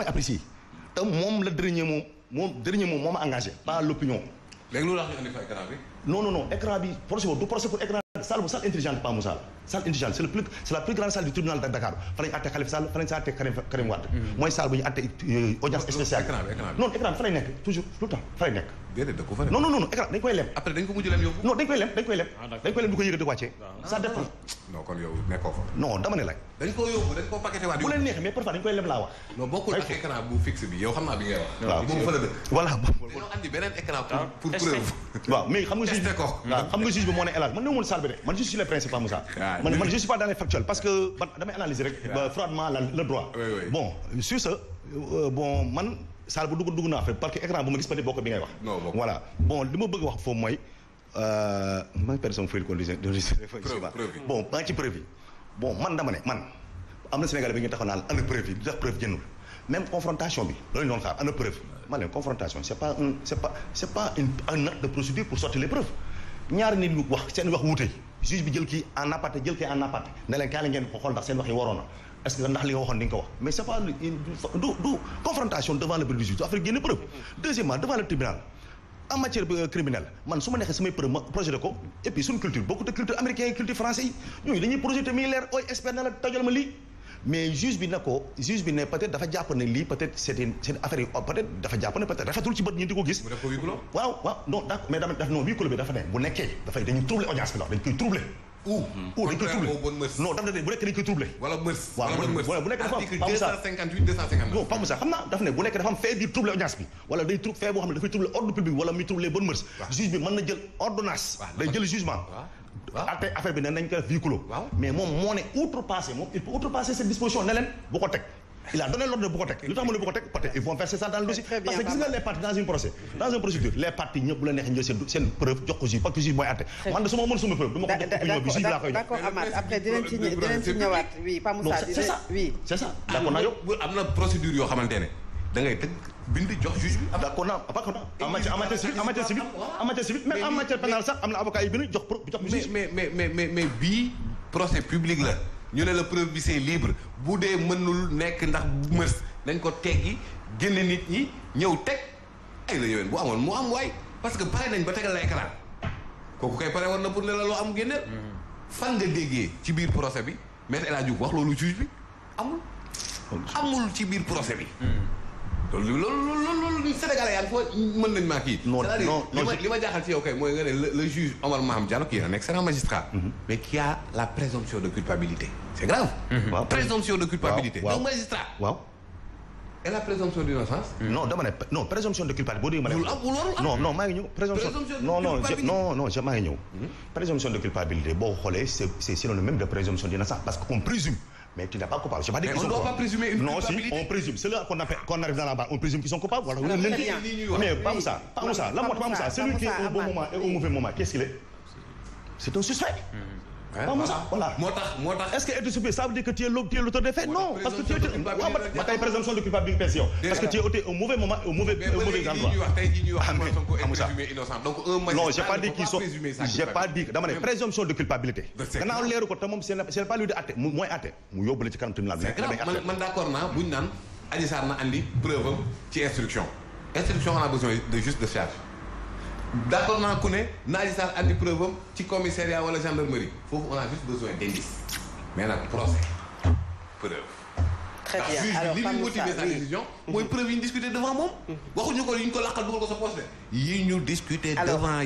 may apprécier te moom la dernier moom moom dernier moom moo ma engagé pas l'opinion. léegi loolu la wax fa écran bi. non non non écran bi procès du procès pour écran salle bu salle intelligente pas mu salle. salle indigène c'est la plus grande salle du tribunal de Dakar fa lañ àtte Khalifa Sall fa Karim Karim mm-hmm. mooy salle euh, bi fa lay nekk toujours tout le temps nekk déedéet da dañ koy lem après dañ koy lem dañ koy lem ah, dañ koy lem di ko yëg di wàccee ah. ça dépend dama ne la bu leen neexee mais parfois dañ koy lem laa wax non xam nga juge bi moo ne élage man néew moon salle bi de man juge sur les principes Moussa ah, man man je pas dans les factuels parce que man damay analyser rek. Euh, froidement la droit. bon sur euh, bon man saal bu dugg dugg naa fa parce que écran bu ma gis peut-être bokk bi ngay wax. voilà bon li ma bëgg wax foofu mooy. Euh, man personne fayal ko de bon maa ngi ci preuve yi bon man dama ne man am na Sénégalais bi nga taxaw naan ana preuve yi di tax preuve génnul même confrontation bi loolu ñu doon xaar ana preuve ma leen confrontation c'est pas un c'est pas c'est pas un de procédure wax seen juge bi jël kii en aparté jël kii en aparté ne leen kaay la ngeen xool ndax seen wax yi est-ce ndax li nga waxoon di wax mais c'est pas du du confrontation devant le bureau du juge du affaire génne deuxièmement devant le tribunal en matière euh, criminelle man su neexee samay preuve ma projeté ko et puis suñu culture beaucoup de culture américaine culture français yi ñooñu dañuy projeté muy leer ooy expert la tajal ma lii mais juge bi ne ko juge bi ne peut-être dafa jàpp ne lii peut-être c'est une c'est une affaire yi peut-être dafa jàpp ne peut-être rafetul ci bët ñi di ko gis. waaw waaw non d'accord mais dama def non huis clos bi dafa ne bu nekkee dafay dañuy troubler audience bi la dañ koy troubler. ou ou dañ koy troubler non daf ne bu nekk dañ koy troubler. wala mœurs wala mœurs waaw bu nekk dafa am article 258 259. non Pape Moussa xam naa daf ne bu nekk dafa am fait biir troubler audience bi wala day trou fait boo xam ne dafay troubler ordre public wala muy troubler bonne mœurs. juge bi mën na jël ordonnance. day jël jugement altay affaire bi ne nañ ko def mais moom moo ne outrepassé moom il peut outrepasser cette disposition ne bu ko teg il a donné l'ordre bu ko teg lu tax mu ne bu ko teg peut-être ils verser ça dans le dossier parce que gis dans une procès dans une procédure les parties ñëpp jox ko juge mooy àtte man de su ma mën suma preuve du ma ko jox opinion bi juge laa koy d'accord Amath après dinañ ci dinañ ci ñëwaat oui Pa Moussa c'est ça c'est ça d'accord ah, naa yow am da ngay tëgg bind jox juge bi. Ah, d'accord non en matière en matière civile en matière civile mais mais mais mais bii procès public la ñu ne la preuve bi c'est libre bu dee mënul nekk ndax mës dañ ko teggi génne nit ñi ñëw teg ay la yowin bu amoon mu am waay parce que pare nañ ba tegal la écran kooku kay pare war na pour ne la loo am génneel. Mm-hmm. fan nga déggee ci biir procès bi maître El Hadj wax loolu juge bi amul. amul ci biir procès bi. Mm-hmm. loolu loolu loolu loolu Sénégalais yaa ngi li ma jaaxal ci yow kay mooy nga ne le juge Omar Maham Diallo qui excellent magistrat. Mm-hmm. mais qui a la présomption de culpabilité. c'est grave. waaw mm-hmm. présomption de culpabilité. waaw waaw magistrat. waaw. et la présomption d'innocence. Mm. non dama non présomption de culpabilité boo déggee ma ne. non non non non non mm-hmm. présomption de culpabilité boo xoolee c'est c'est synonyme même de présomption d'innocence parce qu'on présume. mais tu n'es pas coupable. Je pas dit qu'ils sont coupables. On ne doit pas présumer une culpabilité. Non, si, on présume. C'est là qu'on qu arrive dans la barre. On présume qu'ils sont coupables. Voilà. Très bien. Mais pas Moussa. Pas Moussa. La mort, pas Moussa. Celui qui est au bon moment et au mauvais moment, qu'est-ce qu'il est C'est un suspect. Mm. waaw voilà moo tax moo tax. est-ce que être subi ça veut dire que tu es l' tu es l'auteur des faits non parce que tu es waaw ba tey présomption de culpabilité yow. parce que tu es au mauvais moment au mauvais au mauvais endroit. donc un non j'ai pas dit qu'ils sont j'ai pas dit dama ne présomption de culpabilité. gannaaw leeru ko te moom c'est c'est pas lui di àtte mooy àtte mu yóbbu la ci kanam tribunal. man man d'accord naa buñ naan Adji Sarr na andi preuve am ci instruction. instruction on a besoin de juste de charge. d'accord naa ku ne Adji Sarr andi preuve am ci commissariat wala gendarmerie foofu on a juste besoin d'indices mais nag procès preuve. très bien alors li muy motiver sa décision mooy mm-hmm. ko yi ñu ko laqal dugal ko sa poste yi ñu discuter devant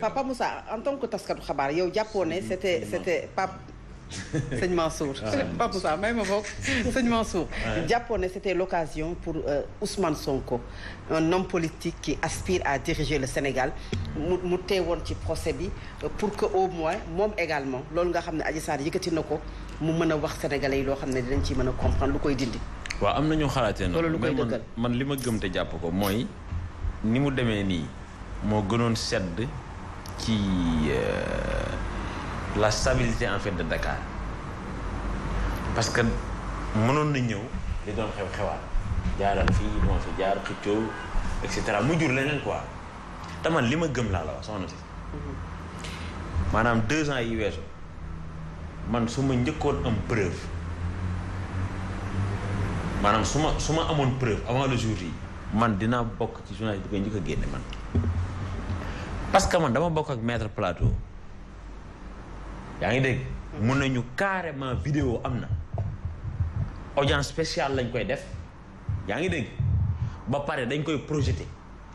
Papa Moussa en tant que taskatu xabaar yow jàppoo ne c'était c'était sëñ Mansour ah, Pape Moussa may ma bokk sëñ Mansour jàppoon ne c'était l'occasion pour euh, Ousmane Sonko un homme politique qui aspire à diriger le Sénégal mu mu teewoon ci procès bi euh, pour que au moins moom également loolu nga xam ne Adji Sarr yëkkati na ko mu mën a wax sénégalais yi loo xam ne dinañ ci mën a comprendre lu koy dindi waaw am na ñu xalaatee noonu lu koy dëggal man li ma gëm te jàpp ko mooy ni mu demee nii moo gënoon sedd ci euh, la stabilité en fait de Dakar parce que mënoon na ñëw li doon xew xewaat jaaral fii moo fi jaar xëccoo et cetera mu jur leneen quoi te man li ma gëm laa la wax soxna si mhm. maanaam deux ans yi weesu man su ma njëkkoon am preuve maanaam su ma su ma amoon preuve avant le jour yi man dinaa bokk ci journaliste bi koy njëkk a génne man parce que man dama bokk ak maître plateau yaa ngi dégg mun nañu carrément vidéo am na audience spéciale lañ koy def yaa ngi dégg ba pare dañ koy projeté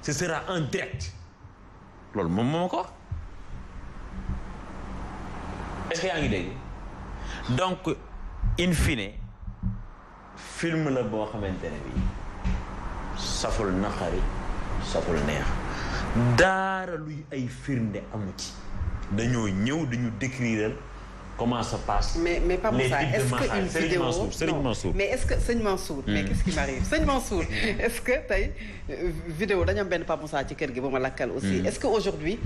ce sera un direct loolu moom moo ko est-ce yaa ngi dégg donc in fine film la boo xamante ne bi saful naqari saful neex daara luy ay firnde amu ci dañoo ñëw dañu décrire comment ça passe. mais mais Pape Moussa est ce que une vidéo Sëriñ est ce que sëñ Mansour. mais qu' est ce qui m' arrive ce que tey euh, vidéo dañu am benn Pape Moussa ci kër gi ba ma lakkal aussi hmm. est ce que aujourd'hui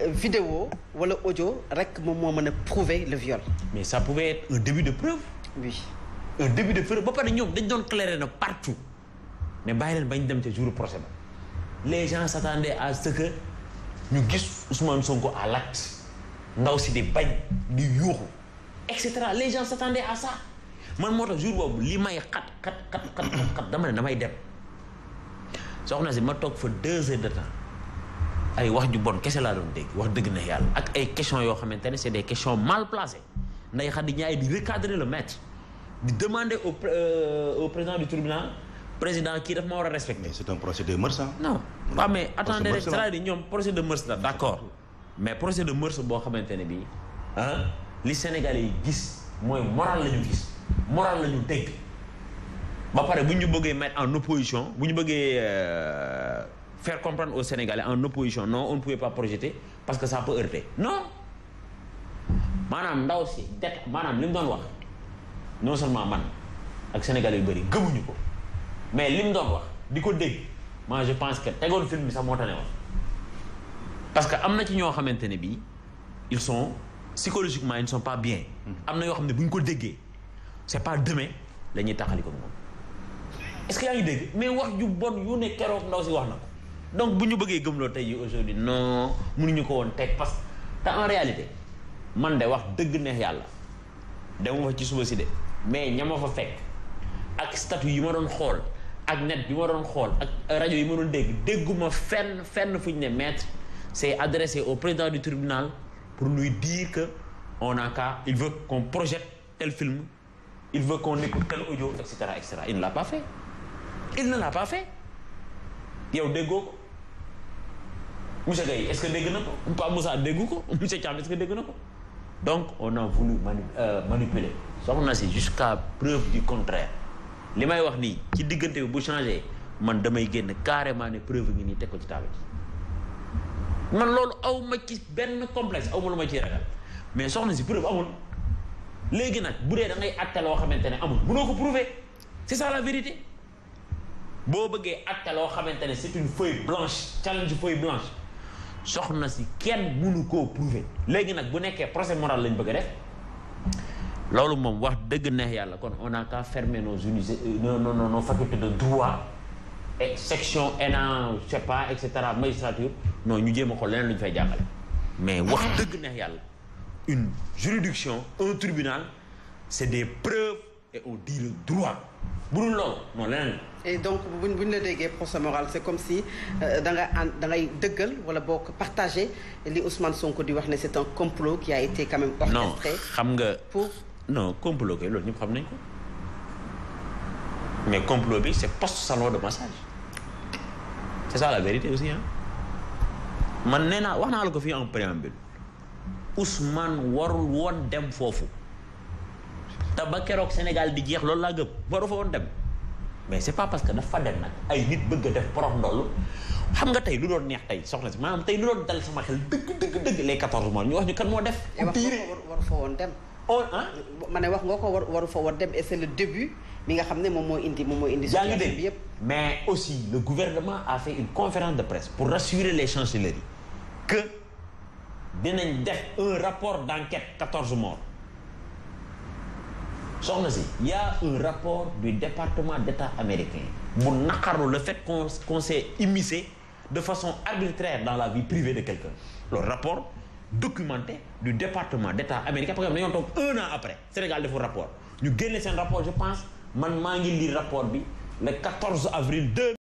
euh, vidéo wala ojo rek moom moo mën a prouver le viol. mais ça pouvait un début de preuve. oui un début de preuve ba pare ñëw dañ doon clairer na partout ne bàyyi leen bañ dem ca jour procès ba les gens s'attendaient à ce que ñu gis Ousmane Sonko à l'acte ndaw si di bañ di yuuxu et cetera les gens s'attendaient à ça man moo tax jour boobu li may xat xat xat xat xat dama ne damay dem soxna si ma toog fa deux heures de temps ay wax ju bon kese laa doon dégg wax dëgg na yàlla ak ay question yoo xamante ne c'est question questions mal placées nday xat di ñaay di recadrer le maître di demander au euh, au président du tribunal président kii daf ma war a respecter. c'est un procès de mœurs ñoom procès de mœurs la d'accord mais projet de mœurs boo xamante ne bii ah li sénégal yi gis mooy moral lañu gis moral lañu ñu ba pare bu ñu bëggee mettre en opposition bu ñu bëggee euh, faire comprendre aux Sénégalais en opposition non on ne pouvait pas projeter parce que ça peut heurter non maanaam ndaw si det maanaam li mu doon wax non seulement man ak Sénégalais yu bëri gëmuñu ko mais li doon wax di ko dégg moi je pense que tegoon film bi sax moo tax ne wax parce que am na ci ñoo xamante ne bii ils sont psychologiquement ils ne pas bien. Mm-hmm. am na yoo xam ne bu ñu ko déggee c'est pas demain lañuy ñuy taxali ko moom. est-ce que yaa ngi dégg mais wax ju bon yu ne keroog ndaw si wax na ko donc bu ñu bëggee gëmloo tey jii aujourd'hui non mënuñu ko woon teg parce que en réalité man de wax dëgg neex yàlla dama fa ci suba si de mais ña ma fa fekk ak statut yi ma doon xool ak net bi ma doon xool ak rajo yi ma doon dégg dégguma fenn fenn fu ñu ne maître. s'est adressé au président du tribunal pour lui dire que on a qu'à il veut qu'on projette tel film il veut qu'on écoute tel audio et cetera et cetera il ne l'a pas fait il ne l'a pas fait yow déggoo ko monsieur Gaye est-ce que dégg na ko ko monsieur Thiam est-ce que dégg na donc on a voulu mani euh, manipuler soxna si jusqu'à preuve du contraire li may wax nii ci diggante bi bu changé man damay génn carrément ne preuve ngi nii teg ko ci table man loolu aw ma ci benn complexe aw ma lu ma ciy ragal mais soxna si preuve amul léegi nag bu dee da ngay àtte loo xamante ne amul mënoo ko prouver c'est ça la vérité boo bëggee àtte loo xamante ne c'est une feuille blanche challenge feuille blanche soxna si kenn munu koo prouver léegi nag bu nekkee procès moral lañ bëgg a def loolu moom wax dëgg neex yàlla kon on a qu'à fermer nos unités euh, nos nos nos facultés de droit. section ENA je pas et cetera magistrature non ñu jéem a xool leneen lu ñu fay jàngale. mais wax dëgg na yàlla une juridiction un tribunal c' est des preuves et on dit le droit bu dul loolu non leneen. et donc buñ buñ la déggee procès moral c' est comme si euh, da nga da ngay dëggal wala bokk ko li li Ousmane Sonko di wax ne c' est un complot qui a été quand même orchestré. xam nga pour. non complot loolu ñëpp xam nañ mais complot bi c' est post salon de massage. c'est ça la vérité nee naa wax naa la ko fii en préambule Ousmane warul woon dem foofu te ba keroog Sénégal di jeex loolu laa gëm waru fa woon dem mais c'est pas parce que dafa dem nag ay nit bëgg a def borom ndoll xam nga tey lu doon neex tey soxna si maanaam tey lu doon dal sama xel dëgg dëgg dëgg les 14 ñu wax ñu kan moo def. diire eh, war fa woon dem. on oh, ah. ma ne wax nga ko war waru fa war dem et c'est le début mi nga xam ne moom moo indi moom moo indi. situation bi yëpp mais aussi le gouvernement a fait une conférence de presse pour rassurer les chancelleries que dinañ def un rapport d'enquête 14 morts soxna si y a un rapport du département d'État américain bu naqarlu le fait qu'on qu'on s'est immiscé de façon arbitraire dans la vie privée de quelqu'un documenté du département d'État américain parce que dañoo toog un an après Sénégal defu rapport ñu génne seen rapport je pense man maa ngi lire rapport bi le avril 2